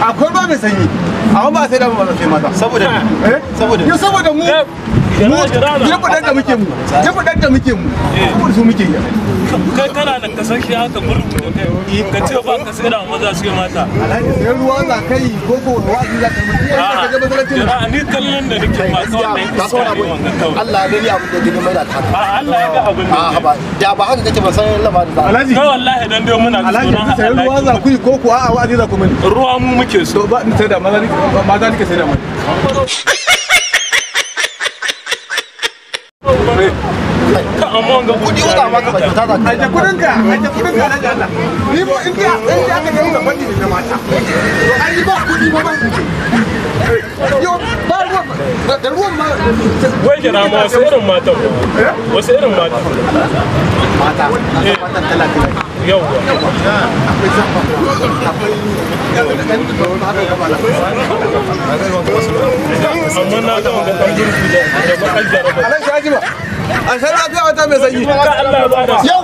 akwai ruwa mai sanyi amma ba sai da ba sai mata saboda eh saboda yo saboda mu eh, mu ya kudan da muke mu ya da muke mu saboda eh. su muke yi kai kana da kasan shi haka murmu da kai ka ce ba ka sai da maza su mata alhaji sai ruwa za kai ko ko ruwa za ka ya ka ga masallacin a ni kallon da nake wannan ka sauna abin Allah ya gani abin da gidi mai da ka a Allah ya ga abin da a ba da ba haka kake ba sai lamarin da alhaji kai wallahi dan dai muna alhaji sai ruwa za ku ko ko a'a wa'azi za ku mini ruwa mu muke so ba ni sai da maza sai da mai ta na ni da ba kudi ba ba da ruwan ma wai gina ma wasu irin wasu irin mata amma na ga wanda kan gurfi da a wata mai sanyi yau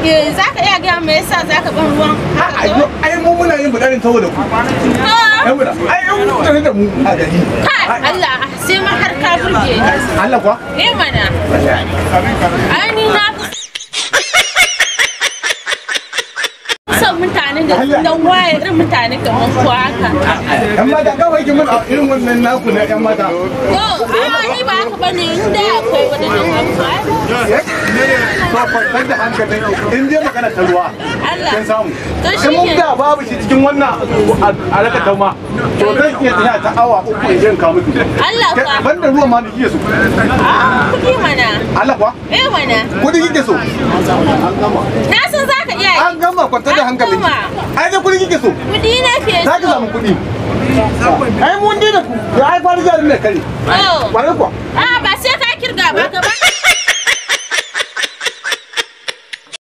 Eh, za ka iya gaya me yasa za ka ban ruwan ai mu muna yin budarin tawo da ku ai muna ai mu muna da mu a gari kai Allah sai ma har ka burge ni Allah kuwa eh mana ai ni na son mutane da dan waye irin mutane kamar kuwa haka yan mata kawai ki mun irin wannan naku na yan mata ko ni ba akwai shi cikin wannan ta To zan iya ta awa uku in kamu. Allah fa. ruwa ma ni ah, mana. Allah fa. Eh mana. kike so. Na san ka iya. An gama kwantar da Ai da kuɗi kike so. na so. ka samu ai mun dina ku ai jarin kare oh. kirga ba ka ba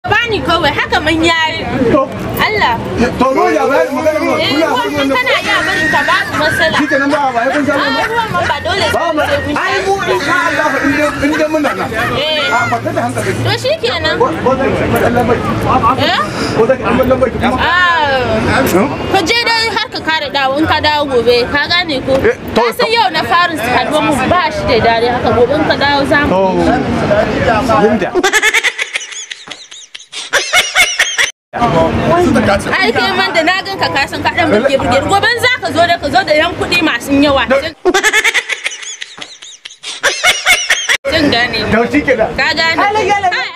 bani kawai haka mun yayi Allah to mu ya ba mu gani mu eh, kula mu ne kana ya bari ka ba mu masala kike nan ba ba kun san mu ba dole ba mu ai mu insha Allah fa inda inda muna nan eh. a fata da hankali to shikenan ko da Allah ko da Allah eh? ko ah. je dai har ka kare dawo in ka dawo gobe ka gane ko ka san yau na farin su mu ba shi da dare haka ka dawo za mu ai ke man da na ka san ka dan burge burge za ka zo da ka zo da yan kuɗi masu yawa gane ka gane